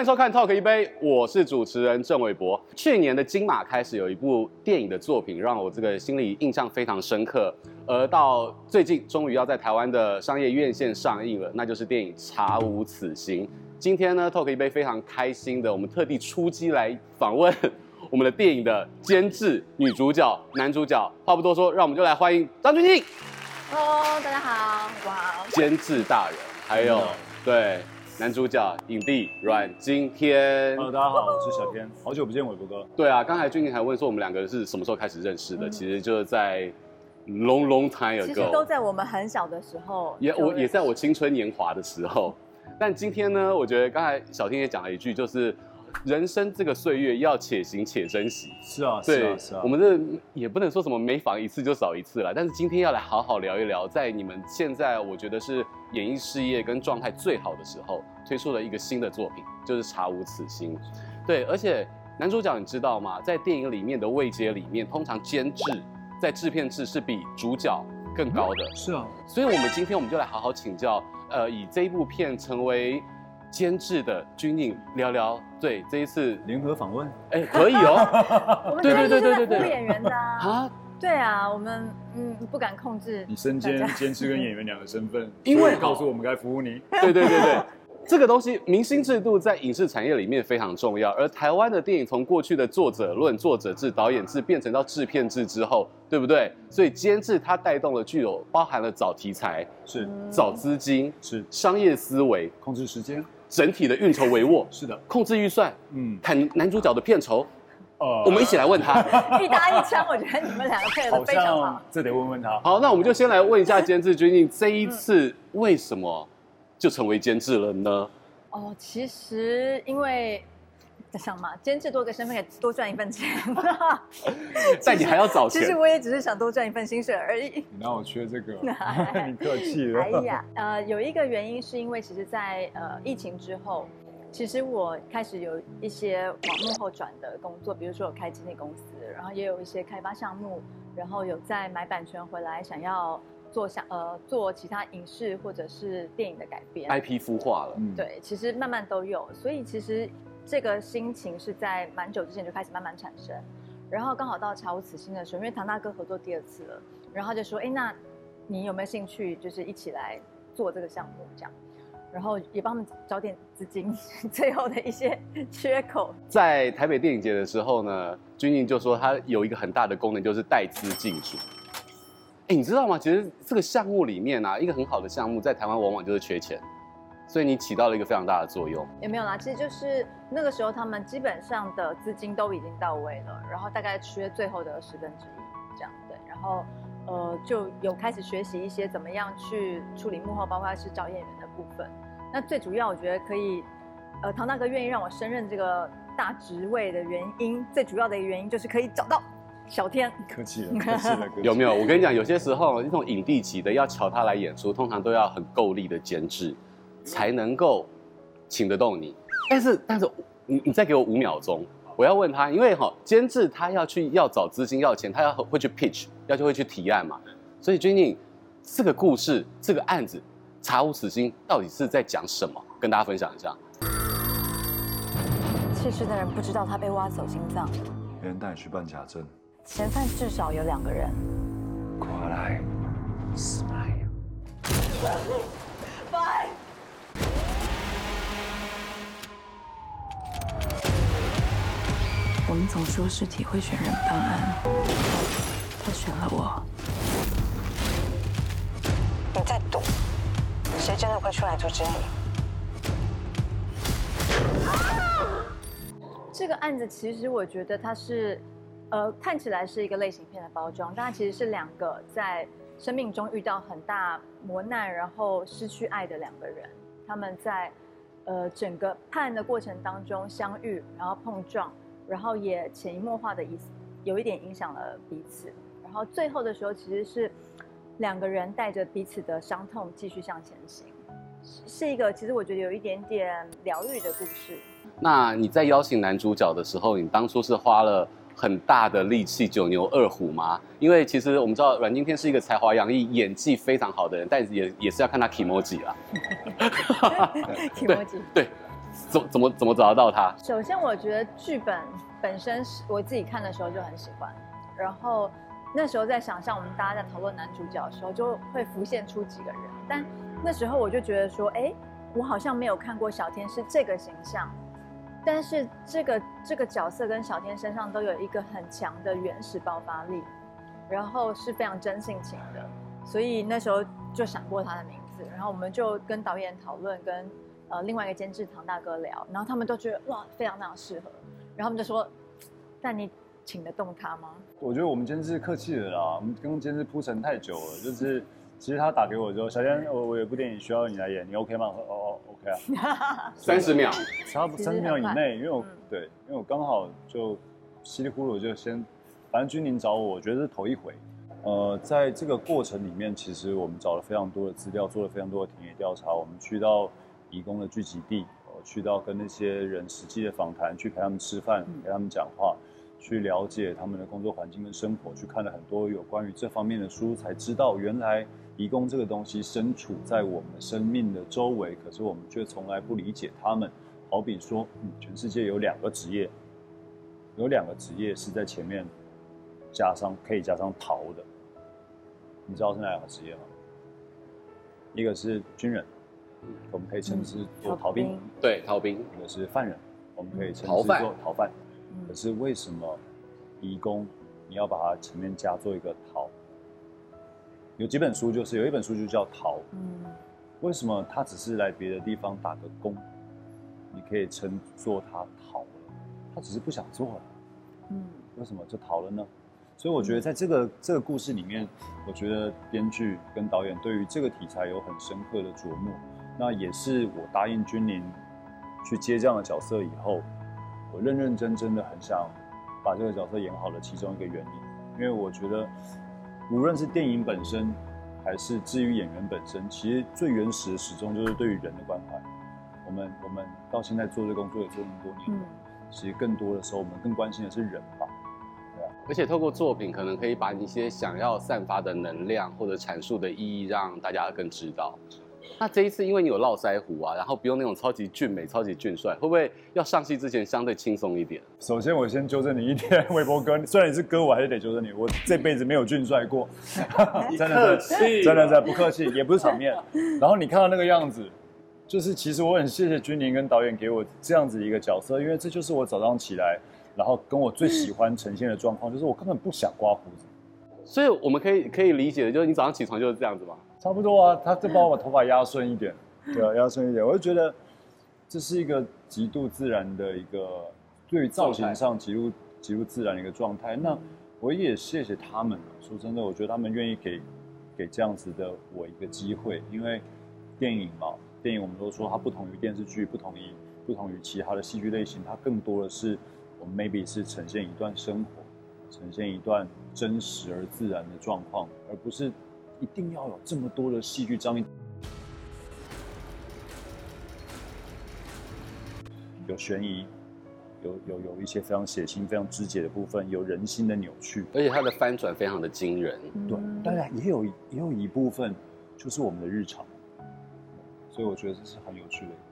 歡迎收看 Talk 一杯，我是主持人鄭偉博。去年的金馬開始有一部電影的作品讓我這個心裡印象非常深刻，而到最近終於要在台灣的商業院線上映了，那就是電影《查無此心》。今天呢，Talk 一杯非常開心的，我們特地出擊來訪問我們的電影的監製、女主角、男主角。話不多說，讓我們就來歡迎張鈞甯。Hello，大家好，我好。監製大人，還有對。男主角影帝阮經天，Hello，大家好、哦，我是小天，好久不見偉博哥。對啊，剛才鈞甯還問說我們兩個是什麼時候開始認識的，嗯、其實就是在 long long time ago，其實都在我們很小的時候，也我也在我青春年華的時候、嗯。但今天呢，我覺得剛才小天也講了一句，就是人生這個歲月要且行且珍惜。是啊，是啊，是啊，我們這也不能說什麼沒房一次就少一次了，但是今天要來好好聊一聊，在你們現在，我覺得是。演藝事業跟狀態最好的時候，推出了一個新的作品，就是《查無此心》。對，而且男主角你知道嗎？在電影裡面的位階裡面，通常監制在制片制是比主角更高的、嗯。是啊，所以我們今天我們就來好好請教，呃，以這一部片成為監制的鈞甯聊聊。對，這一次聯合訪問，哎、欸，可以哦。 對，對對對對對對。演員的。對啊，我們嗯不敢控制。你身兼監製跟演員兩個身份，嗯、因為告訴我們該服務你。 對，對對對對，這個東西明星制度在影視產業裡面非常重要。而台灣的電影從過去的作者論、作者制、導演制變成到製片制之後，對不對？所以監製它帶動了具有包含了找題材是、找資金是、商業思維、控制時間、整體的運籌帷幄是的、控制預算嗯、砍男主角的片酬。哦、uh...，我們一起來問他， 一搭一腔，我覺得你們兩個配合的非常好。好，這得問問他。好，那我們就先來問一下監製鈞甯，這一次為什麼就成為監製人呢、嗯？哦，其實因為在想嘛，監製多個身份，多賺一份錢呵呵。 但你還要找錢。其實我也只是想多賺一份薪水而已。你讓我缺這個， 你客氣。哎呀，呃，有一個原因是因為，其實在，在呃疫情之後。其實我開始有一些往幕後轉的工作，比如說有開經紀公司，然後也有一些開發項目，然後有在買版權回來，想要做想呃做其他影視或者是電影的改編。IP 孵化了，對，嗯、其實慢慢都有，所以其實這個心情是在蠻久之前就開始慢慢產生，然後剛好到《查無此心》的時候，因為唐大哥合作第二次了，然後就說：“哎、欸，那你有沒有興趣，就是一起來做這個項目？”這樣。然後也幫他們找點資金，最後的一些缺口。在台北電影節的時候呢，鈞甯就說他有一個很大的功能，就是帶資進組。哎，你知道嗎？其實這個項目裡面啊，一個很好的項目，在台灣往往就是缺錢，所以你起到了一個非常大的作用。也沒有啦，其實就是那個時候他們基本上的資金都已經到位了，然後大概缺最後的十分之一。這樣對，然後，呃，就有開始學習一些怎麼樣去處理幕後，包括是找演員的部分。那最主要，我覺得可以，呃，唐大哥願意讓我升任這個大職位的原因，最主要的一個原因就是可以找到小天。客氣了，客氣了。 有沒有？我跟你講，有些時候那種影帝級的要請他來演出，通常都要很夠力的監製，才能夠請得動你。但是，但是，你你再給我五秒鐘。我要問他，因為哈、哦，監製他要去要找資金要錢，他要會去 pitch，要就會去提案嘛。所以鈞甯，這個故事，這個案子，查無此心到底是在講什麼？跟大家分享一下。去世的人不知道他被挖走心臟。有人帶你去辦假證。嫌犯至少有兩個人。過來。我們總說屍體會選人辦案，他選了我。你在賭，誰真的會出來阻止你？這個案子其實我覺得它是，呃，看起來是一個類型片的包裝，但它其實是兩個在生命中遇到很大磨難，然後失去愛的兩個人，他們在呃整個判案的過程當中相遇，然後碰撞。然後也潛移默化的意思有一點影響了彼此，然後最後的時候其實是兩個人帶着彼此的傷痛繼續向前行，是一個其實我覺得有一點點療癒的故事。那你在邀請男主角的時候，你當初是花了很大的力氣九牛二虎嗎？因為其實我們知道阮經天是一個才華洋溢、演技非常好的人，但也也是要看他起毛幾了。起毛幾？對。對怎怎麼怎麼找得到他？首先，我覺得劇本本身是我自己看的時候就很喜歡。然後那時候在想象我們大家在討論男主角的時候，就會浮現出幾個人。但那時候我就覺得說，誒，我好像沒有看過小天是這個形象。但是這個這個角色跟小天身上都有一個很強的原始爆發力，然後是非常真性情的。所以那時候就想過他的名字，然後我們就跟導演討論跟。呃，另外一個監製唐大哥聊，然後他們都覺得哇，非常非常適合，然後他們就說：“但你請得動他嗎？”我覺得我們監製是客氣的啦，我們跟監製鋪陳太久了，就是其實他打給我之後，小天，我我有部電影需要你來演，你 OK 嗎？哦、oh，OK 啊，三十秒，差不多三十秒以內，因為我、嗯、對，因為我剛好就稀里糊塗就先，反正鈞甯找我，我覺得是頭一回。呃，在這個過程裡面，其實我們找了非常多的資料，做了非常多的田野調查，我們去到。移工的聚集地，我去到跟那些人實際的訪談，去陪他們吃飯，陪他們講話，去了解他們的工作環境跟生活，去看了很多有關於這方面的書，才知道原來移工這個東西身處在我們生命的周圍，可是我們卻從來不理解他們。好比說，嗯，全世界有兩個職業，有兩個職業是在前面加上可以加上“逃”的，你知道是哪兩個職業嗎？一個是軍人。我們可以稱之做逃兵、嗯逃兵，對逃兵，或者是犯人，我們可以稱之做逃犯、嗯、逃犯。可是為什麼移工你要把它前面加做一個逃？有幾本書就是有一本書就叫逃、嗯。為什麼他只是來別的地方打個工，你可以稱作他逃了，他只是不想做了。嗯，為什麼就逃了呢？所以我覺得在這個這個故事裡面，嗯、我覺得編劇跟導演對於這個題材有很深刻的琢磨。那也是我答應鈞甯去接這樣的角色以後，我認認真真的很想把這個角色演好的，其中一個原因，因為我覺得無論是電影本身，還是至於演員本身，其實最原始始終就是對於人的關懷。我們我們到現在做這個工作也做這麼多年，其實更多的時候我們更關心的是人吧，對吧、啊？而且透過作品，可能可以把一些想要散發的能量或者闡述的意義，讓大家更知道。那這一次，因為你有絡腮鬍啊，然後不用那種超級俊美、超級俊帥，會不會要上戲之前相對輕鬆一點？首先，我先糾正你一點，微博哥，雖然你是哥，我還是得糾正你，我這輩子沒有俊帥過。真的是，真的是不客氣，也不是場面。 然後你看到那個樣子，就是其實我很謝謝鈞甯跟導演給我這樣子一個角色，因為這就是我早上起來，然後跟我最喜歡呈現的狀況， 就是我根本不想刮鬍子。所以我們可以可以理解的，就是你早上起床就是這樣子嘛。差不多啊，他再幫我把頭髮壓順一點，對啊，壓順一點。我就覺得這是一個極度自然的一個，對於造型上極度極度自然的一個狀態。那我也謝謝他們了，說真的，我覺得他們願意給給這樣子的我一個機會，因為電影嘛，電影我們都說它不同於電視劇，不同於不同於其他的戲劇類型，它更多的是我們 maybe 是呈現一段生活，呈現一段真實而自然的狀況，而不是。一定要有這麼多的戲劇張力，有懸疑，有有有一些非常血腥、非常肢解的部分，有人心的扭曲，而且它的翻轉非常的驚人。嗯。對，當然也有也有一部分就是我們的日常，所以我覺得這是很有趣的一部分。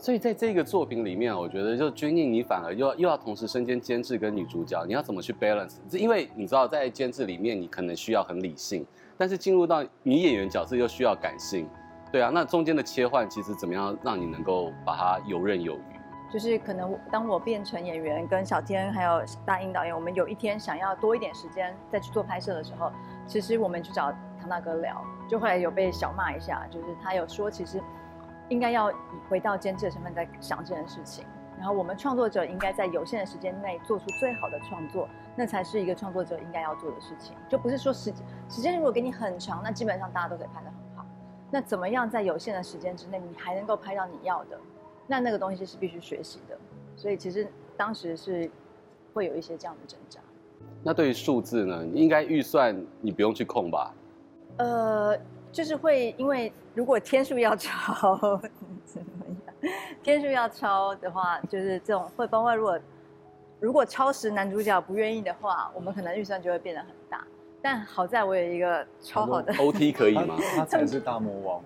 所以在這個作品裡面，我覺得就鈞甯你反而又又要同時身兼監製跟女主角，你要怎麼去 balance？因為你知道在監製裡面你可能需要很理性，但是進入到女演員角色又需要感性，對啊，那中間的切換其實怎麼樣讓你能夠把它游刃有餘？就是可能當我變成演員，跟小天還有大英導演，我們有一天想要多一點時間再去做拍攝的時候，其實我們去找唐大哥聊，就後來有被小罵一下，就是他有說其實。應該要以回到監製的身份在想這件事情，然後我們創作者應該在有限的時間內做出最好的創作，那才是一個創作者應該要做的事情。就不是說時時間如果給你很長，那基本上大家都可以拍得很好。那怎麼樣在有限的時間之內，你還能夠拍到你要的？那那個東西是必須學習的。所以其實當時是會有一些這樣的掙扎。那對於數字呢？你應該預算你不用去控吧？呃，就是會因為。如果天數要超怎麼樣？天數要超的話，就是這種會包括如果如果超時，男主角不願意的話，我們可能預算就會變得很大。但好在我有一個超好的 O T 可以嗎 他？他才是大魔王，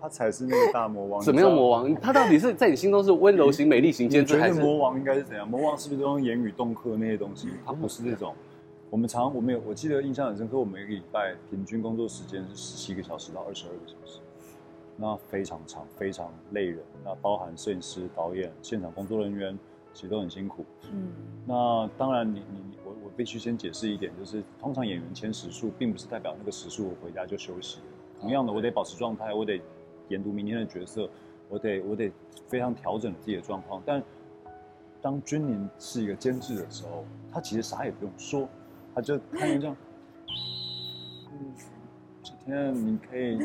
他才是那個大魔王。什麼叫魔王？他到底是在你心中是溫柔型、欸、美麗型、堅貞還是魔王？應該是怎樣？魔王是不是都用言語動科那些東西？他、哦、不是這種。我們常我們有我記得印象很深刻，我們一個禮拜平均工作時間是十七個小時到二十二個小時。那非常長，非常累人。那包含攝影師、導演、現場工作人員，其實都很辛苦。嗯，那當然，你你我我必須先解釋一點，就是通常演員簽時數，並不是代表那個時數我回家就休息。同樣的，我得保持狀態，我得研讀明天的角色，我得我得非常調整自己的狀況。但當鈞甯是一個監製的時候，他其實啥也不用說，他就看就這樣。嗯，今天你可以。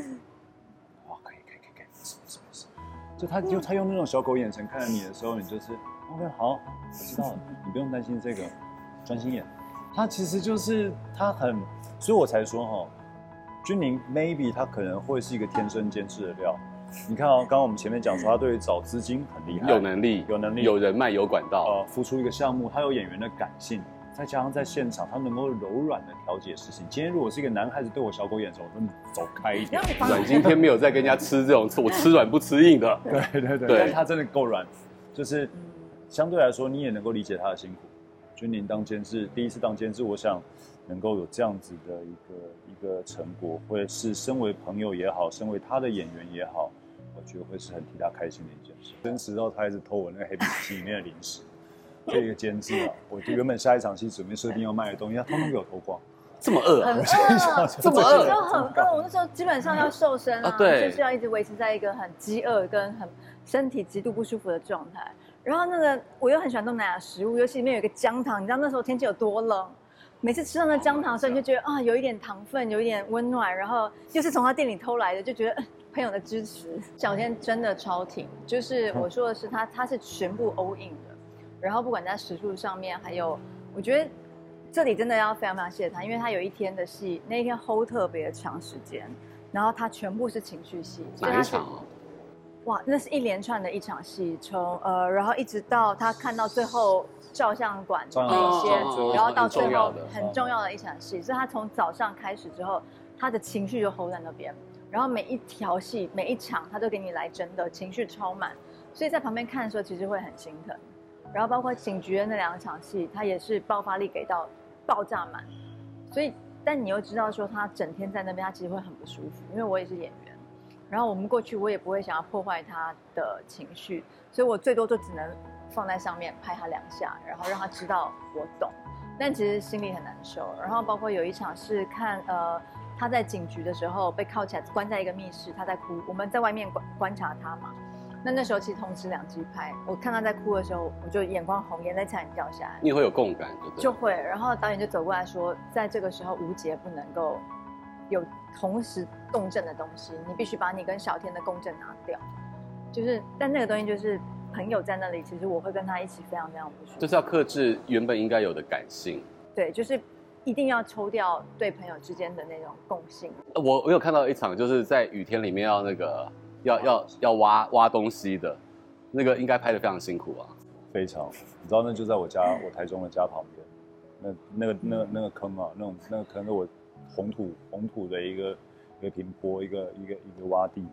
什麼什麼什麼，就他就他用那種小狗眼神看着你的時候，你就是 OK 好，我知道了，你不用擔心這個，專心演。他其實就是他很，所以我才說哈，鈞甯 maybe 他可能會是一個天生監製的料。你看哦，剛剛我們前面講說他對於找資金很厲害，有能力，有能力，有人脈，有管道。呃，孵出一個項目，他有演員的感性。再加上在現場，他能夠柔軟的調解事情。今天如果是一個男孩子對我小狗眼神，我說走開一點。今天沒有再跟人家吃這種，我吃軟不吃硬的。對對對。但他真的夠軟，就是相對來說你也能夠理解他的辛苦。鈞甯當監製，第一次當監製，我想能夠有這樣子的一個一個成果，或者是身為朋友也好，身為他的演員也好，我覺得會是很替他開心的一件事。真實到他一直偷我那個黑筆記裡面的零食。 這個監製，啊，我就原本下一場戲準備設定要賣的東西，他通通給我投光， 這麼餓、啊，很餓、啊， 這麼餓餓、啊， 我那時候基本上要瘦身啊、嗯，啊、就是要一直維持在一個很飢餓跟很身體極度不舒服的狀態。然後那個我又很喜歡東南亞食物，尤其裡面有一個薑糖，你知道那時候天氣有多冷，每次吃到那薑糖的時候，你就覺得啊，有一點糖分，有一點溫暖。然後又是從他店裡偷來的，就覺得嗯，朋友的支持，小天真的超挺，就是我說的是他，他是全部 all in 的、嗯。嗯然後不管在時速上面，還有我覺得這裡真的要非常非常謝謝他，因為他有一天的戲，那一天 hold 特別長時間，然後他全部是情緒戲。哪一場？哇，那是一連串的一場戲，從呃，然後一直到他看到最後照相館、啊、那些，呃、然，然後到最後很重要的一場戲，所以他從早上開始之後，他的情緒就 hold 在那邊，然後每一條戲每一場他都給你來真的，情緒超滿，所以在旁邊看的時候其實會很心疼。然後包括警局的那兩場戲，他也是爆發力給到爆炸滿，所以但你又知道說他整天在那邊，他其實會很不舒服。因為我也是演員，然後我們過去我也不會想要破壞他的情緒，所以我最多就只能放在上面拍他兩下，然後讓他知道我懂，但其實心裡很難受。然後包括有一場是看，呃，他在警局的時候被銬起來關在一個密室，他在哭，我們在外面觀觀察他嘛。那那時候其實同時兩機拍，我看他在哭的時候，我就眼眶紅，眼淚差點掉下來。你也會有共感，對不對？就會，然後導演就走過來說，在這個時候無節不能夠有同時共振的東西，你必須把你跟小天的共振拿掉。就是，但那個東西就是朋友在那裡，其實我會跟他一起非常非常不舒服。就是要克制原本應該有的感性。對，就是一定要抽掉對朋友之間的那種共性。我我有看到一場，就是在雨天裡面要那個。要要要挖挖東西的，那個應該拍的非常辛苦啊，非常。你知道那就在我家，我台中的家旁邊，那那個那個那個坑啊，那種那個坑是我紅土紅土的一個一個平坡，一個一個一個窪地。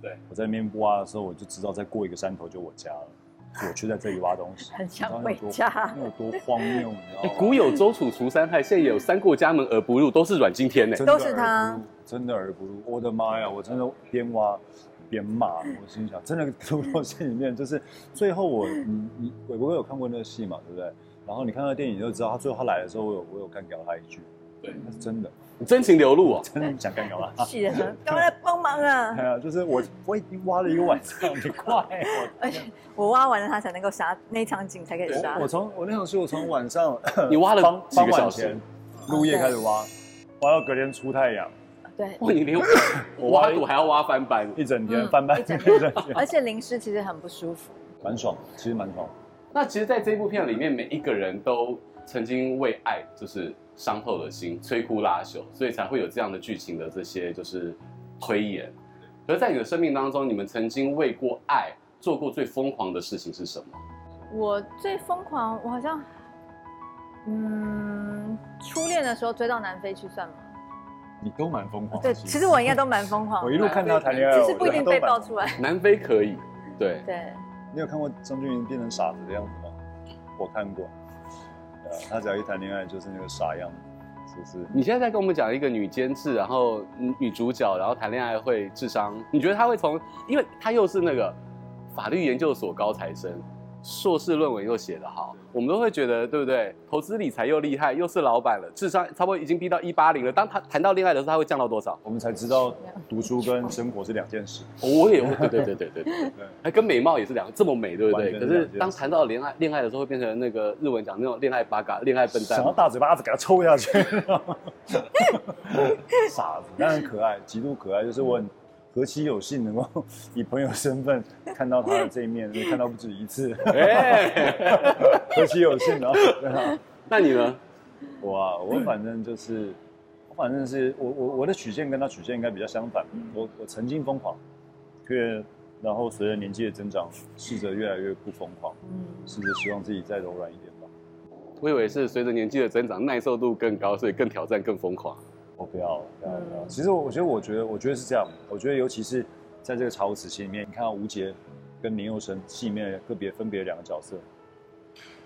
對，我在那邊挖的時候，我就知道再過一個山頭就我家了，我卻在這裡挖東西，很想回家，你知道那有多家，那多荒謬。你知道、欸、古有周處除三害，現在有三過家門而不入，都是阮經天呢、欸，都是他，真的而不入，真的而不入，我的媽呀，我真的邊挖。邊罵我心，心想真的，如到心裡面就是最後我你你偉伯哥有看過那個戲嘛，對不對？然後你看到電影就知道，他最後他來的時候，我有我有幹掉他一句，對，那是真的，真情流露啊，真的想幹掉他。是，幹嘛來幫忙啊！ 對啊，就是我我已經挖了一個晚上， 你快、啊，而且我挖完了他才能夠殺，那場景才可以殺。我從我，我那場戲我從晚上呵呵，你挖了幾個小時，入夜開始挖，挖到隔天出太陽。對、哦，你連我，我挖土，還要挖翻白、 嗯，一整天翻白， 一整天。而且淋濕其實很不舒服。蠻爽，其實蠻爽。那其實在這部片裡面，每一個人都曾經為愛就是傷透了心，摧枯拉朽，所以才會有這樣的劇情的這些就是推演。可是在你的生命當中，你們曾經為過愛做過最瘋狂的事情是什麼？我最瘋狂，我好像，嗯，初戀的時候追到南非去算嗎？你都蠻瘋狂的，對，其實我應該都蠻瘋狂的。 我一路看到他談戀愛，其實不一定被爆出來。南非可以，對對。你有看過張鈞甯變成傻子的樣子嗎？嗯、我看過，他只要一談戀愛就是那個傻樣子，是不是？你現在在跟我們講一個女監製，然後女女主角，然後談戀愛會智商？你覺得她會從？因為她又是那個法律研究所高材生。碩士論文又寫得好，我們都會覺得，對不對？投資理財又厲害，又是老闆了，智商差不多已經逼到一八零了。當他談到戀愛的時候，他會降到多少？我們才知道讀書跟生活是兩件事，哦。我也會，對對對對對對，還跟美貌也是兩，這麼美，對不對？是可是當談到戀愛，戀愛的時候會變成那個日文講那種戀愛八嘎，戀愛笨蛋，想要大嘴巴子給他抽下去。 傻子，但很可愛，極度可愛，就是我很，嗯。何其有幸能夠以朋友身份看到他的這一面， 就看到不止一次。哎，何其有幸啊！真、啊、 那你呢？我啊，我反正就是，我反正是我我我的曲線跟他曲線應該比較相反。嗯、我我曾經瘋狂，卻然後隨着年紀的增長，試着越來越不瘋狂。試、嗯、着希望自己再柔軟一點吧。我以為是隨着年紀的增長，耐受度更高，所以更挑戰、更瘋狂。我、oh, 不要，不要，不要、嗯、其實我我覺得，我覺得，我覺得是這樣。嗯、我覺得，尤其是在這個《查無此心》戲裡面，你看到吳杰跟林佑生戲裡面個別分別兩個角色，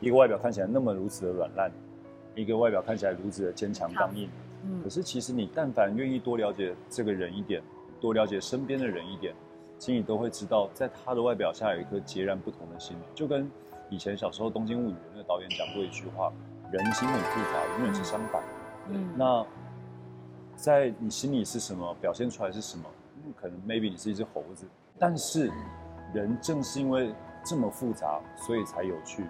一個外表看起來那麼如此的軟爛，一個外表看起來如此的堅強剛硬、嗯。可是其實你但凡願意多了解這個人一點，多了解身邊的人一點，其實你都會知道，在他的外表下有一顆截然不同的心。就跟以前小時候《東京物語》那個導演講過一句話：人心很複雜，永遠是相反。嗯，那。在你心裡是什麼，表現出來是什麼？可能 maybe 你是一隻猴子，但是人正是因為這麼複雜，所以才有趣，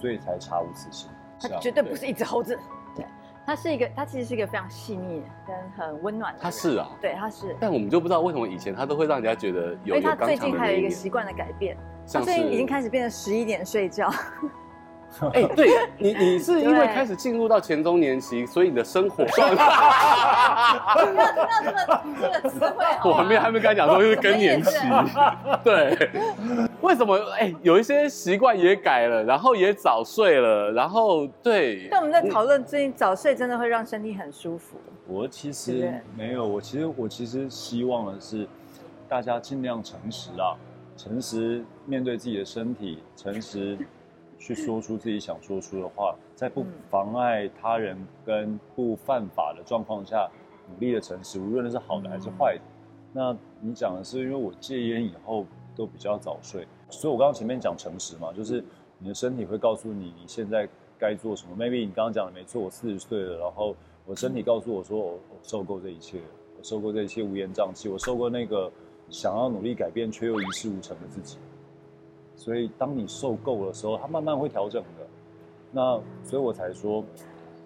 所以才查無此心。他絕對不是一隻猴子。對，對，他是一個，他其實是一個非常細膩跟很溫暖的。他是啊，對，他是。但我們就不知道為什麼以前他都會讓人家覺得有。因為他最近還有一個習慣的改變是，他最近已經開始變成十一點睡覺。 哎、欸，對你，你是因為開始進入到前中年期，所以你的生活算是？沒有這個、你這個智慧、啊、我還沒還沒跟他講說就是更年期，對，對？為什麼？哎、欸，有一些習慣也改了，然後也早睡了，然後對。但我們在討論最近早睡真的會讓身體很舒服。我其實沒有，我其實我其實希望的是，大家盡量誠實啊，誠實面對自己的身體，誠實。去說出自己想說出的話，在不妨礙他人跟不犯法的狀況下，努力的誠實，無論那是好的還是壞的。那你講的是，因為我戒菸以後都比較早睡，所以我剛剛前面講誠實嘛，就是你的身體會告訴你你現在該做什麼。Maybe 你剛剛講的沒錯，我四十歲了，然後我身體告訴我說我受夠這一切，我受夠這一切烏煙瘴氣，我受夠那個想要努力改變卻又一事無成的自己。所以，當你受夠了的時候，它慢慢會調整的。那，所以我才說，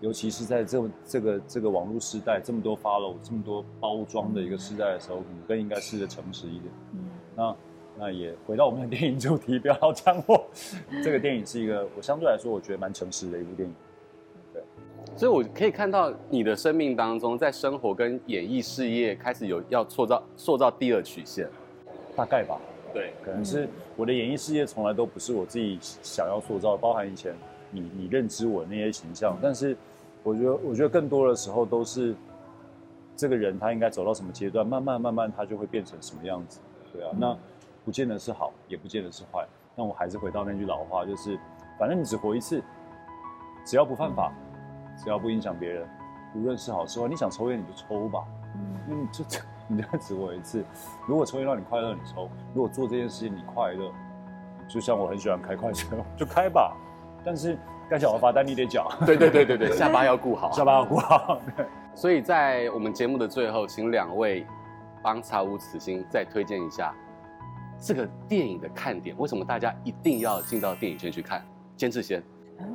尤其是在這這個這個網絡時代，這麼多 follow，這麼多包裝的一個時代的時候，你、嗯、更應該試着誠實一點。嗯。那，那也回到我們的電影主題，不要搶我。 這個電影是一個，我相對來說，我覺得蠻誠實的一部電影。對。所以我可以看到你的生命當中，在生活跟演藝事業開始有要塑造塑造第二曲線。大概吧。對，可能是我的演藝事業從來都不是我自己想要塑造的，包含以前你你認知我的那些形象，嗯，但是我覺得我覺得更多的時候都是這個人他應該走到什麼階段，慢慢慢慢他就會變成什麼樣子，對啊，嗯、那不見得是好，也不見得是壞，但我還是回到那句老話，就是反正你只活一次，只要不犯法，嗯、只要不影響別人，無論是好是壞，你想抽煙你就抽吧，嗯，就。這、嗯。你再指我一次，如果抽煙讓你快樂，你抽；如果做這件事情你快樂，就像我很喜歡開快車，就開吧。但是該講的罰單你得講。對 對對對對， 下巴要顧好。下巴要顧好對。所以在我們節目的最後，請兩位幫查無此心再推薦一下這個電影的看點，為什麼大家一定要進到電影院去看？堅持先。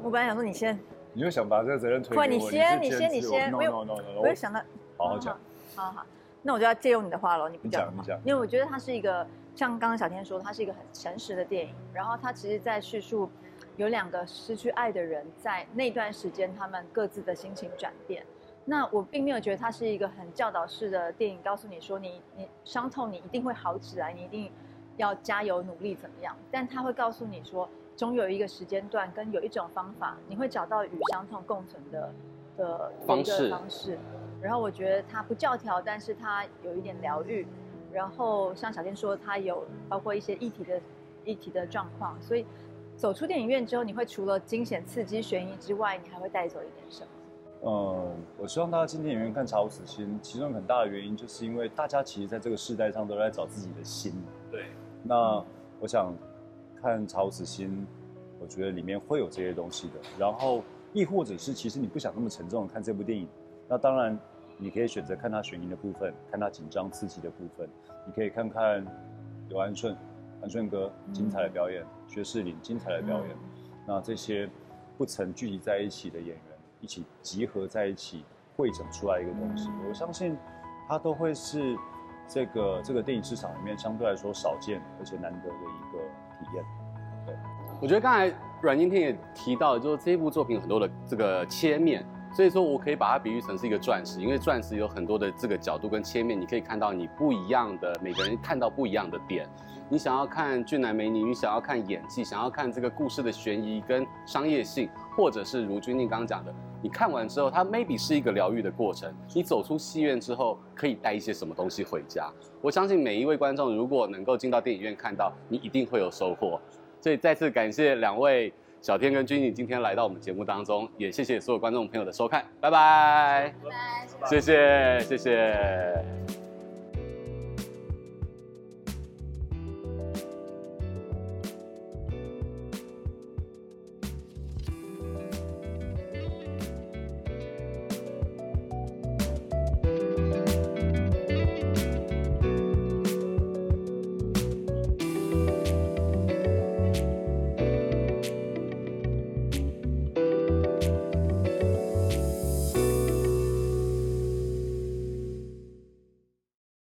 我本來想說你先。你就想把這個責任推給我？不，你先，你先，你先。No no no！no, no. 我，有我有想到。好好講。好好。那我就要借用你的話了，你不講了嗎？講。因為我覺得它是一個，像剛剛小天說，它是一個很誠實的電影。然後它其實，在敘述有兩個失去愛的人，在那段時間，他們各自的心情轉變。那我並沒有覺得它是一個很教導式的電影，告訴你說，你你傷痛，你一定會好起來，你一定要加油努力怎麼樣？但它會告訴你說，總有一個時間段，跟有一種方法，你會找到與傷痛共存的的一個方式。然後我覺得他不教條，但是他有一點療癒。嗯、然後像小天說，他有包括一些議題的議題的狀況。所以走出電影院之後，你會除了驚險、刺激、懸疑之外，你還會帶走一點什麼？嗯，我希望大家進電影院看《查無此心》，其中很大的原因就是因為大家其實在這個世代上都在找自己的心。對。那我想看《查無此心》，我覺得裡面會有這些東西的。然後亦或者是，其實你不想那麼沉重的看這部電影。那當然，你可以選擇看他懸疑的部分，看他緊張刺激的部分。你可以看看游安順、安順哥精彩的表演，薛、嗯、仕凌精彩的表演、嗯。那這些不曾聚集在一起的演員，一起集合在一起，匯整出來一個東西、嗯。我相信，它都會是這個這個電影市場裡面相對來說少見而且難得的一個體驗。對，我覺得剛才阮經天也提到，就是這部作品很多的這個切面。所以說我可以把它比喻成是一個鑽石，因為鑽石有很多的這個角度跟切面，你可以看到你不一樣的，每個人看到不一樣的點。你想要看俊男美女，你想要看演技，想要看這個故事的懸疑跟商業性，或者是鈞甯剛剛講的，你看完之後，它 maybe 是一個療癒的過程。你走出戲院之後，可以帶一些什麼東西回家。我相信每一位觀眾如果能夠進到電影院看到，你一定會有收穫。所以再次感謝兩位。小天跟鈞甯今天來到我們節目當中，也謝謝所有觀眾朋友的收看，拜拜，拜拜，謝謝，謝謝。